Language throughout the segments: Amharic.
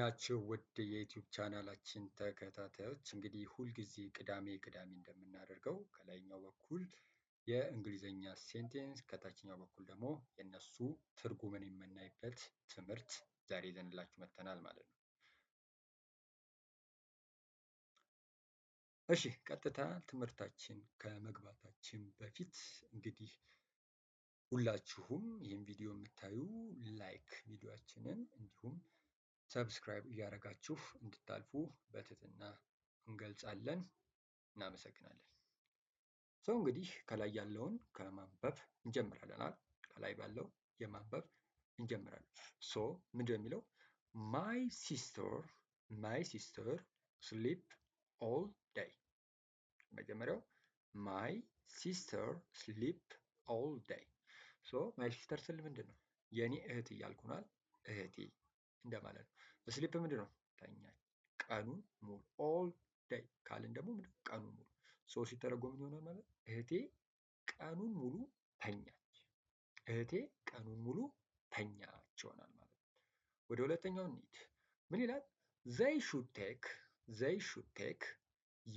ናቸው ውድ የዩቲዩብ ቻናላችን ተከታታዮች እንግዲህ ሁልጊዜ ቅዳሜ ቅዳሜ እንደምናደርገው ከላይኛው በኩል የእንግሊዝኛ ሴንቴንስ ከታችኛው በኩል ደግሞ የእነሱ ትርጉምን የምናይበት ትምህርት ዛሬ ይዘንላችሁ መጥተናል ማለት ነው። እሺ ቀጥታ ትምህርታችን ከመግባታችን በፊት እንግዲህ ሁላችሁም ይህን ቪዲዮ የምታዩ ላይክ ቪዲዮችንን እንዲሁም ሰብስክራይብ እያደረጋችሁ እንድታልፉ በትህትና እንገልጻለን። እናመሰግናለን። ሰው እንግዲህ ከላይ ያለውን ከማንበብ እንጀምራለናል። ከላይ ባለው የማንበብ እንጀምራለን። ሶ ምንድን ነው የሚለው? ማይ ሲስተር ማይ ሲስተር ስሊፕ ኦል ዳይ። መጀመሪያው ማይ ሲስተር ስሊፕ ኦል ዳይ። ሶ ማይ ሲስተር ስል ምንድን ነው? የእኔ እህት እያልኩናል። እህቴ እንደማለት ነው። ስሊፕ ምንድን ነው ተኛች። ቀኑን ሙሉ ኦል ዴይ ካልን ደግሞ ምንድን ነው ቀኑን ሙሉ ሶ ሲተረጎም ይሆናል ማለት እህቴ ቀኑን ሙሉ ተኛች። እህቴ ቀኑን ሙሉ ተኛች ይሆናል ማለት ወደ ሁለተኛው እንሂድ። ምን ይላል? ዘይ ሹድ ቴክ ዘይ ሹድ ቴክ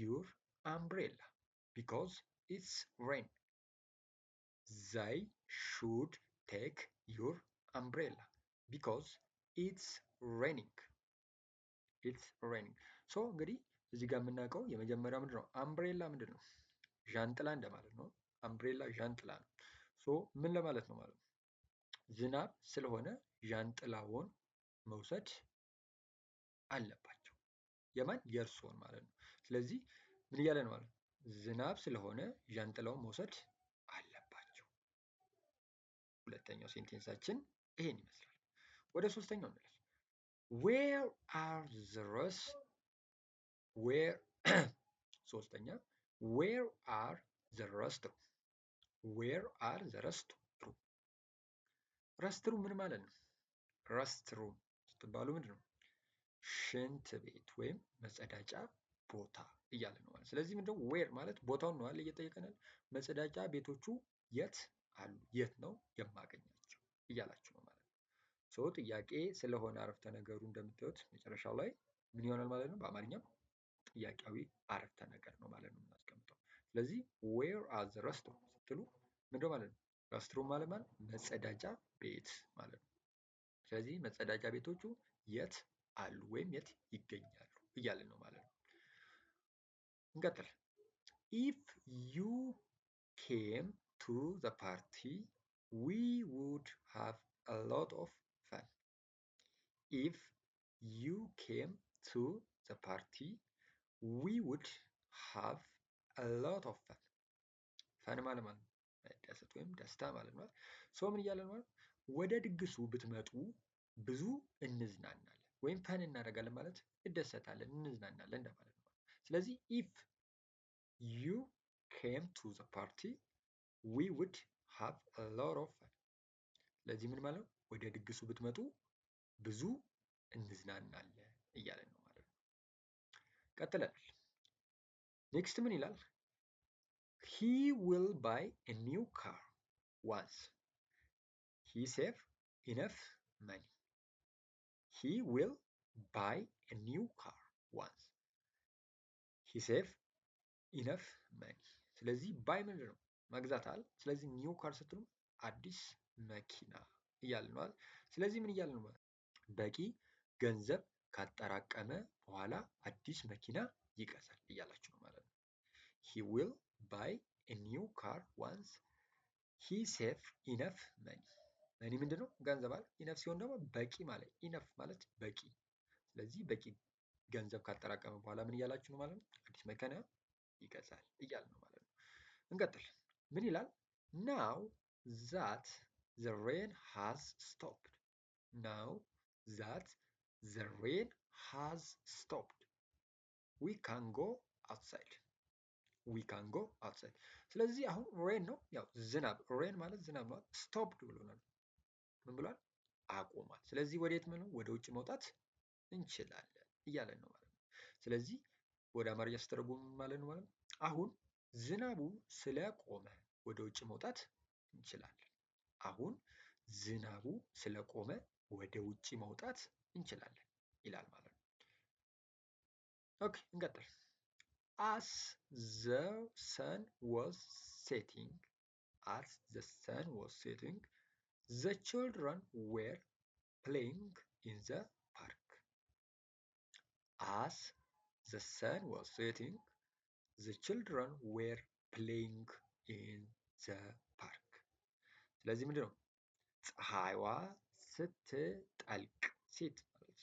ዩር አምብሬላ ቢኮዝ ኢትስ ሬን ዘይ ሹድ ቴክ ዩር አምብሬላ ቢኮዝ ኢትስ ሬኒንግ ኢትስ ሬኒንግ ሶ እንግዲህ እዚህ ጋር የምናውቀው የመጀመሪያው ምንድን ነው? አምብሬላ ምንድን ነው? ዣንጥላ እንደማለት ነው። አምብሬላ ዣንጥላ ነው። ሶ ምን ለማለት ነው ማለት ነው? ዝናብ ስለሆነ ዣንጥላውን መውሰድ አለባቸው። የማን የእርስዎን ማለት ነው። ስለዚህ ምን እያለ ነው ማለት ዝናብ ስለሆነ ዣንጥላውን መውሰድ አለባቸው። ሁለተኛው ሴንቴንሳችን ይሄን ይመስላል። ወደ ሶስተኛው እንለፍ። ዌር አር ዘ ረስት ዌር ሶስተኛ ዌር አር ዘ ረስት ነው። ዌር አር ዘ ረስት ሩም ረስት ሩም ምን ማለት ነው? ረስት ሩም ስትባሉ ምንድን ነው? ሽንት ቤት ወይም መጸዳጫ ቦታ እያለ ነው ማለት። ስለዚህ ምንድነው ዌር ማለት ቦታውን ነው አለ እየጠየቀናል። መጸዳጫ ቤቶቹ የት አሉ? የት ነው የማገኛቸው እያላችሁ ነው። ሰው ጥያቄ ስለሆነ አረፍተ ነገሩ እንደምታዩት መጨረሻው ላይ ምን ይሆናል ማለት ነው? በአማርኛም ጥያቄያዊ አረፍተ ነገር ነው ማለት ነው የምናስቀምጠው። ስለዚህ ዌር አዝ ዘ ረስትሩም ስትሉ ምንድ ማለት ነው? ረስትሩም ማለት ማለት መጸዳጃ ቤት ማለት ነው። ስለዚህ መጸዳጃ ቤቶቹ የት አሉ ወይም የት ይገኛሉ እያለን ነው ማለት ነው። እንቀጥል። ኢፍ ዩ ኬም ቱ ዘ ፓርቲ ዊ ውድ ሃቭ አ ሎት ኦፍ if you came to the party we would have a lot of fun ፈን ማለት ማለት መደሰት ወይም ደስታ ማለት ነው። ሶ ምን እያለን ነው? ወደ ድግሱ ብትመጡ ብዙ እንዝናናለን ወይም ፈን እናደርጋለን ማለት እደሰታለን፣ እንዝናናለን እንደማለት ነው። ስለዚህ ኢፍ ዩ ኬም ቱ ዘ ፓርቲ ዊ ውድ ሃቭ አ ሎት ኦፍ ፈን። ስለዚህ ምን ማለት ነው ወደ ድግሱ ብትመጡ ብዙ እንዝናናለን እያለን ነው ማለት ነው። ቀጥለናል። ኔክስት ምን ይላል? ሂ ዊል ባይ ኒው ካር ዋንስ ሂ ሴቭ ኢነፍ መኒ ሂ ዊል ባይ ኒው ካር ዋንስ ሂ ሴቭ ኢነፍ መኒ። ስለዚህ ባይ ምንድን ነው መግዛት አለ። ስለዚህ ኒው ካር ስትሉ አዲስ መኪና እያልን ነው። ስለዚህ ምን እያልን ነው? በቂ ገንዘብ ካጠራቀመ በኋላ አዲስ መኪና ይገዛል እያላችሁ ነው ማለት ነው። He will buy a new car once he saves enough money. መኒ ምንድን ነው? ገንዘብ አለ። ኢነፍ ሲሆን ደግሞ በቂ ማለት ኢነፍ ማለት በቂ። ስለዚህ በቂ ገንዘብ ካጠራቀመ በኋላ ምን እያላችሁ ነው ማለት ነው? አዲስ መኪና ይገዛል እያል ነው ማለት ነው። እንቀጥል። ምን ይላል? ናው ዛት ዘ ሬን ሃዝ ስቶፕድ ናው that the rain has stopped. ዊ ካን ጎ አውትሳይድ ዊ ካን ጎ አውትሳይድ። ስለዚህ አሁን ሬን ነው ያው ዝናብ ሬን ማለት ዝናብ ነው። ስቶፕድ ብሎናል። ምን ብሏል? አቁሟል። ስለዚህ ወዴት ምን ወደ ውጭ መውጣት እንችላለን እያለን ነው ማለት ነው። ስለዚህ ወደ አማርኛ ስተረጉም ማለት ነው ማለት ነው። አሁን ዝናቡ ስለቆመ ወደ ውጭ መውጣት እንችላለን። አሁን ዝናቡ ስለቆመ ወደ ውጪ መውጣት እንችላለን ይላል ማለት ነው። ኦኬ እንቀጥል። አስ ዘ ሰን ዋዝ ሴቲንግ አስ ዘ ሰን ዋዝ ሴቲንግ ዘ ችልድረን ዌር ፕሌይንግ ኢን ዘ ፓርክ አስ ዘ ሰን ዋዝ ሴቲንግ ዘ ችልድረን ዌር ፕሌይንግ ኢን ዘ ፓርክ። ስለዚህ ምንድን ነው ፀሐይዋ ስትጠልቅ ሴት ማለት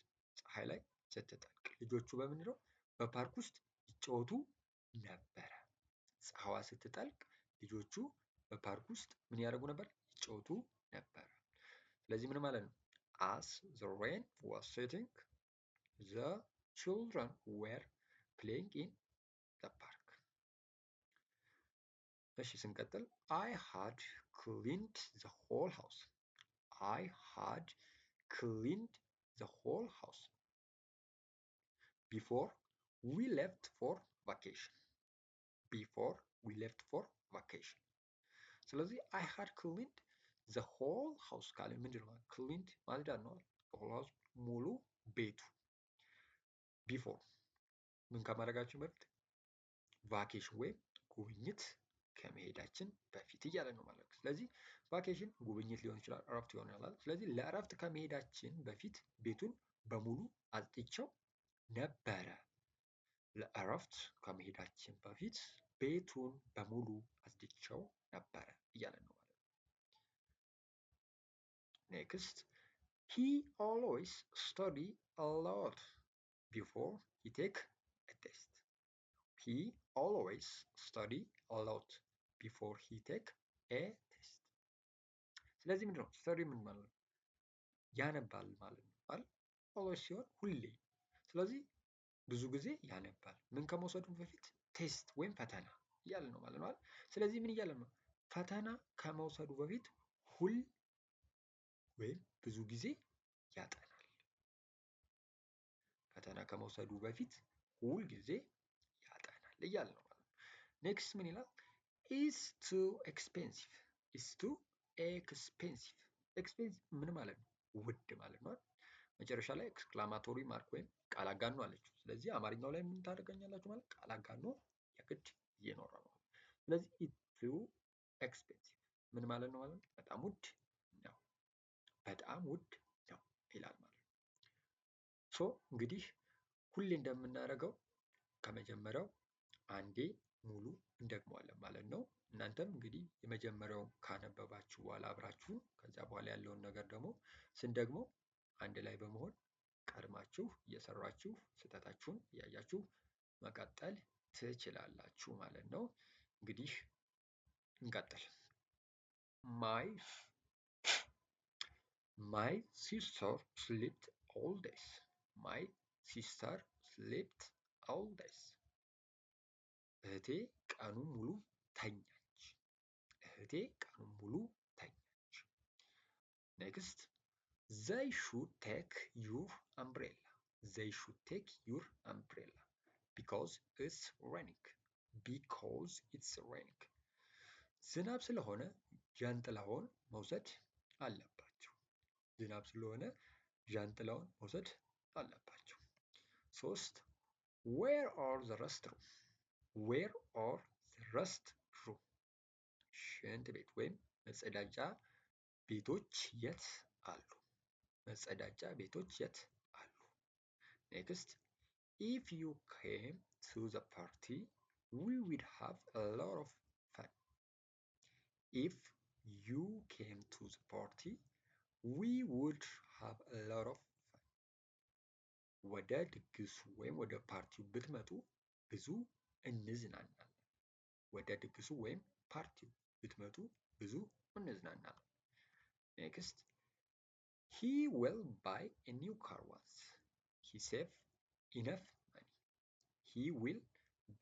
ፀሐይ ላይ ስትጠልቅ ልጆቹ ነው በፓርክ ውስጥ ይጫወቱ ነበረ። ፀሐዋ ስትጠልቅ ልጆቹ በፓርክ ውስጥ ምን ያደርጉ ነበር? ይጫወቱ ነበረ። ስለዚህ ምን ማለት ነው? አስ the rain was setting the children were playing in the park. እሺ ስንቀጥል I had cleaned the whole house I had cleaned the whole house before we left for vacation before we left for vacation ስለዚህ አይ ሃድ ክሊንድ ዘ ሆል ሃውስ ካለ ምንድን ነው ክሊንድ ማለት ነው ሆል ሃውስ ሙሉ ቤቱ ቢፎር ምን ከማድረጋችን በፊት ቫኬሽን ወይም ጉብኝት ከመሄዳችን በፊት እያለ ነው ማለት ነው። ስለዚህ ቫኬሽን ጉብኝት ሊሆን ይችላል፣ እረፍት ሊሆን ይችላል። ስለዚህ ለእረፍት ከመሄዳችን በፊት ቤቱን በሙሉ አጽድቼው ነበረ። ለእረፍት ከመሄዳችን በፊት ቤቱን በሙሉ አጽድቼው ነበረ እያለ ነው ማለት ነው። ኔክስት ሂ ኦልዌይስ ስቶዲ አሎት ቢፎር ሂ ቴክ ቴስት ሂ ኦልዌይስ ስቶዲ አሎት ቢፎር ሂ ቴክ ኤ ቴስት። ስለዚህ ምንድነው ስተዲ ምን ማለት ነው? ያነባል ማለት ነው አይደል? ኦልዌይስ ሲሆን ሁሌ። ስለዚህ ብዙ ጊዜ ያነባል። ምን ከመውሰዱ በፊት ቴስት ወይም ፈተና እያለ ነው ማለት ነው ስለዚህ ምን እያለ ነው? ፈተና ከመውሰዱ በፊት ሁል ወይም ብዙ ጊዜ ያጠናል። ፈተና ከመውሰዱ በፊት ሁል ጊዜ ያጠናል እያለ ነው ማለት ነው። ኔክስት ምን ይላል? ኢስ ቱ ኤክስፔንሲቭ ኢስ ቱ ኤክስፔንሲቭ ኤክስፔንሲቭ ምን ማለት ነው? ውድ ማለት ነው። መጨረሻ ላይ ኤክስክላማቶሪ ማርክ ወይም ቃል አጋኖ አለችው። ስለዚህ አማርኛው ላይ ምን ታደርገኛላችሁ ማለት ቃል አጋኖ የግድ እየኖረ ነው። ስለዚህ ኢት ቱ ኤክስፔንሲቭ ምን ማለት ነው ማለት በጣም ውድ ነው፣ በጣም ውድ ነው ይላል ማለት ነው። ሶ እንግዲህ ሁሌ እንደምናደርገው ከመጀመሪያው አንዴ ሙሉ እንደግመዋለን ማለት ነው። እናንተም እንግዲህ የመጀመሪያው ካነበባችሁ በኋላ አብራችሁን ከዚያ በኋላ ያለውን ነገር ደግሞ ስንደግመው አንድ ላይ በመሆን ቀድማችሁ እየሰራችሁ ስህተታችሁን እያያችሁ መቀጠል ትችላላችሁ ማለት ነው። እንግዲህ እንቀጥል። ማይ ማይ ሲስተር ስሊፕት ኦል ዴይስ ማይ ሲስተር ስሊፕት ኦል ዴይስ እህቴ ቀኑ ሙሉ ተኛች። እህቴ ቀኑ ሙሉ ተኛች። ኔክስት ዘይ ሹድ ቴክ ዩር አምብሬላ ዘይ ሹድ ቴክ ዩር አምብሬላ ቢኮዝ ኢትስ ሬኒንግ ቢኮዝ ኢትስ ሬኒንግ ዝናብ ስለሆነ ጃንጥላውን መውሰድ አለባቸው። ዝናብ ስለሆነ ጃንጥላውን መውሰድ አለባቸው። ሶስት ዌር አር ዘ ረስትሩም ዌር ኦር ረስት ሩም ሽንት ቤት ወይም መጸዳጃ ቤቶች የት አሉ? መጸዳጃ ቤቶች የት አሉ? ኔክስት ኢፍ ዩ ኬም ቱ ዘ ፓርቲ ዊ ውድ ሃቭ ሎት ኦፍ ፈን። ኢፍ ዩ ኬም ቱ ዘ ፓርቲ ዊ ውድ ሃቭ ሎት ኦፍ ፈን። ወደ ድግሱ ወይም ወደ ፓርቲው ብትመጡ ብዙ እንዝናናለን። ወደ ድግሱ ወይም ፓርቲው ብትመጡ ብዙ እንዝናናለን። ኔክስት ሂ ዊል ባይ ኤ ኒው ካር ዋንስ ሂ ሴቭ ኢነፍ ማኒ ሂ ዊል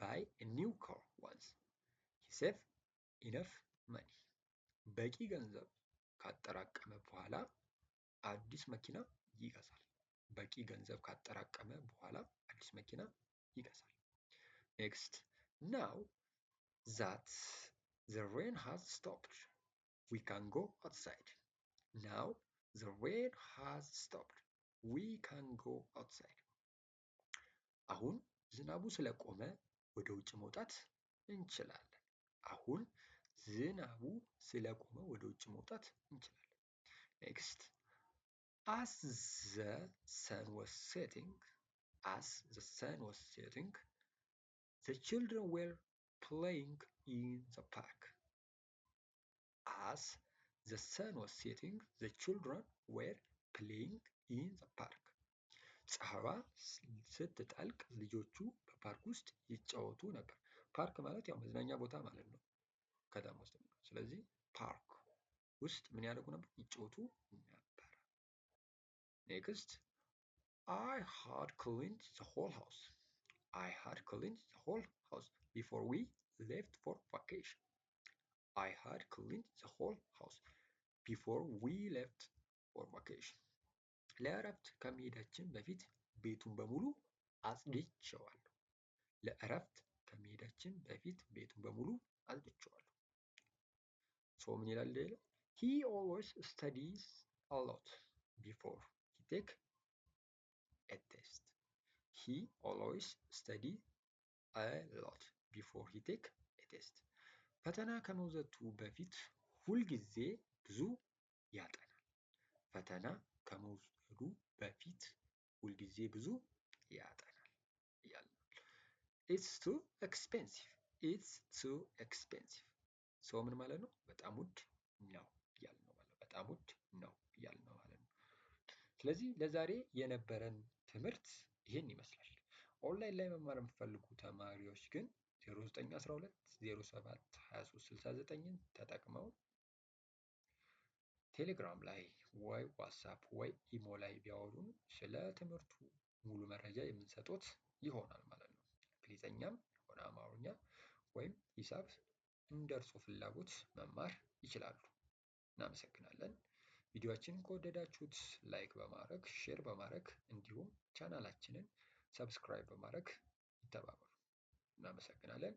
ባይ ኤ ኒው ካር ዋንስ ሂ ሴቭ ኢነፍ ማኒ በቂ ገንዘብ ካጠራቀመ በኋላ አዲስ መኪና ይገዛል። በቂ ገንዘብ ካጠራቀመ በኋላ አዲስ መኪና ይገዛል። Next, now that the rain has stopped, we can go outside. Now the rain has stopped, we can go outside. አሁን ዝናቡ ስለቆመ ወደ ውጭ መውጣት እንችላለን። አሁን ዝናቡ ስለቆመ ወደ ውጭ መውጣት እንችላለን። ኔክስት as the sun was setting as the sun was setting The children were playing in the park. As the sun was setting, the children were playing in the park. ፀሐይዋ ስትጠልቅ ልጆቹ በፓርክ ውስጥ ይጫወቱ ነበር። ፓርክ ማለት ያው መዝናኛ ቦታ ማለት ነው። ከተማ ውስጥ ስለዚህ ፓርክ ውስጥ ምን ያደርጉ ነበር? ይጫወቱ ነበር። ኔክስት አይ ሃድ ክሊንድ ዘ ሆል ሃውስ I had cleaned the whole house before we left for vacation. I had cleaned the whole house ቢፎር ዊ ሌፍት ፎር ቫኬሽን ለእረፍት ከመሄዳችን በፊት ቤቱን በሙሉ አጽድቼዋለሁ። ለእረፍት ከመሄዳችን በፊት ቤቱን በሙሉ አጽድቼዋለሁ። ሶ ምን ይላል ሌላ? ሂ ኦልዌይስ ስተዲስ አሎት ቢፎር ሂ ቴክ ኤ ቴስት he always study a lot before he take a test ፈተና ከመውዘቱ በፊት ሁልጊዜ ብዙ ያጠናል። ፈተና ከመውሰዱ በፊት ሁልጊዜ ብዙ ያጠናል እያልን ኢትስ ቱ ኤክስፔንሲቭ ኢትስ ቱ ኤክስፔንሲቭ ሰው ምን ማለት ነው? በጣም ውድ ነው እያልን ነው ማለት በጣም ውድ ነው እያልን ነው ማለት ነው። ስለዚህ ለዛሬ የነበረን ትምህርት ይህን ይመስላል። ኦንላይን ላይ መማር የምትፈልጉ ተማሪዎች ግን 0912 ን ተጠቅመው ቴሌግራም ላይ ወይ ዋትሳፕ ወይ ኢሞ ላይ ቢያወሩን ስለ ትምህርቱ ሙሉ መረጃ የምንሰጡት ይሆናል ማለት ነው። እንግሊዘኛም ሆነ አማርኛ ወይም ሂሳብ እንደ እርሶ ፍላጎት መማር ይችላሉ። እናመሰግናለን። ቪዲዮአችንን ከወደዳችሁት ላይክ በማድረግ ሼር በማድረግ እንዲሁም ቻናላችንን ሰብስክራይብ በማድረግ ይተባበሩ። እናመሰግናለን።